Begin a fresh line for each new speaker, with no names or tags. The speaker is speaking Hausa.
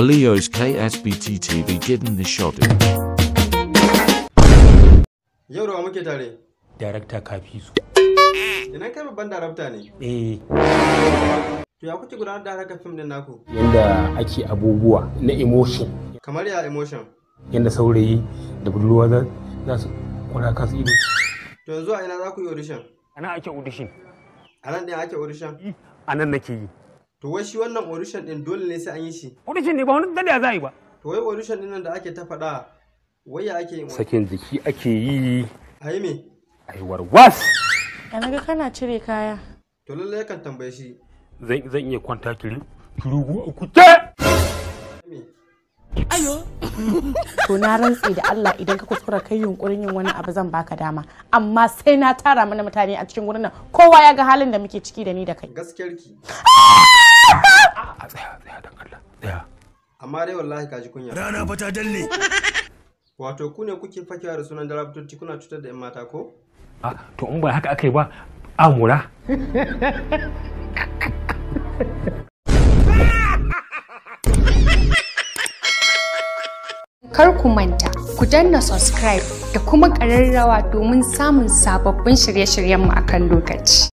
Alio's KSBT-TV gidan I'm Yau da muke tare? Darakta kafi su. Idan kai babban of ne? Eh. To ya kuke gudanar da harkar fim din naku? Yanda ake abubuwa na emotion. Kamar emotion? Yanda saurayi da the za su kula kasu ido. To yanzu a ina za ku yi audition? Ana ake audition. A nan I ake audition? Eh, a nan nake yi. To wai shi wannan audition din dole ne sai an yi shi. Audition ne ba wani dalila za a yi ba. To wai audition din nan da ake ta faɗa wai ya ake yi. Sakin jiki ake yi. Ayi me? Ayi warwas. A naga kana cire kaya. To lalle kan tambaye shi. Zan zan iya kwanta kiri. Kirugu a kuce. Ayo. To na rantse da Allah idan ka kuskura kai yunkurin yin wani abu zan baka dama. Amma sai na tara mana mutane a cikin wurin nan kowa ya ga halin da muke ciki da ni da kai. Gaskiyar ki. Ah! Amma dai wallahi ka ji kunya. Rana fa ta Wato ku ne kuke fakewa da sunan darabtoci kuna cutar da 'yan mata ko? A to in ba haka aka yi ba amura. Kar ku manta, ku danna subscribe da kuma ƙararrawa domin samun sababbin shirye-shiryenmu akan lokaci.